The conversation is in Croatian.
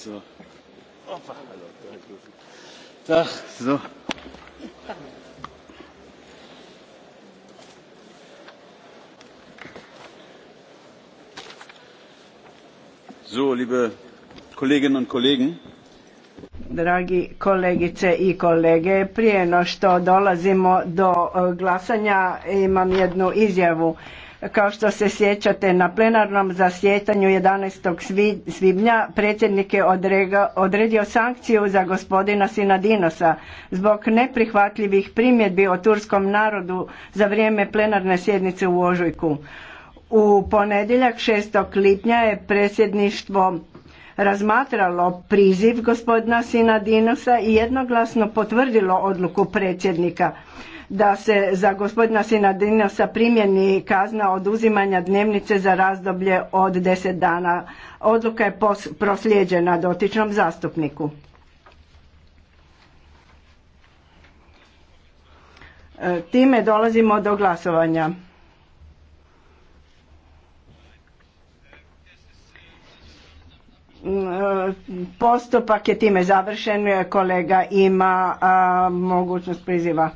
So. so. So, liebe Kolleginnen und Kollegen. Dragi kolegice i kolege, prije no što dolazimo do e, glasanja imam jednu izjavu. Kao što se sjećate na plenarnom zasjetanju 11. svibnja predsjednik je odredio sankciju za gospodina Sinadinosa zbog neprihvatljivih primjedbi o turskom narodu za vrijeme plenarne sjednice u Ožujku. U ponedjeljak 6. lipnja je predsjedništvo razmatralo priziv gospodina Sinadinosa i jednoglasno potvrdilo odluku predsjednika da se za gospodina Sinadinosa primjeni kazna oduzimanja dnevnice za razdoblje od 10 dana. Odluka je proslijeđena dotičnom zastupniku. E, time dolazimo do glasovanja. Postupak je time završen. Kolega ima mogućnost priziva.